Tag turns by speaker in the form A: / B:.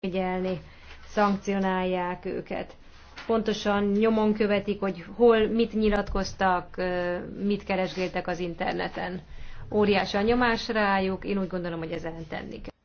A: figyelni, szankcionálják őket. Pontosan nyomon követik, hogy hol mit nyilatkoztak, mit keresgéltek az interneten. Óriási a nyomás rájuk, én úgy gondolom, hogy ezen tenni kell.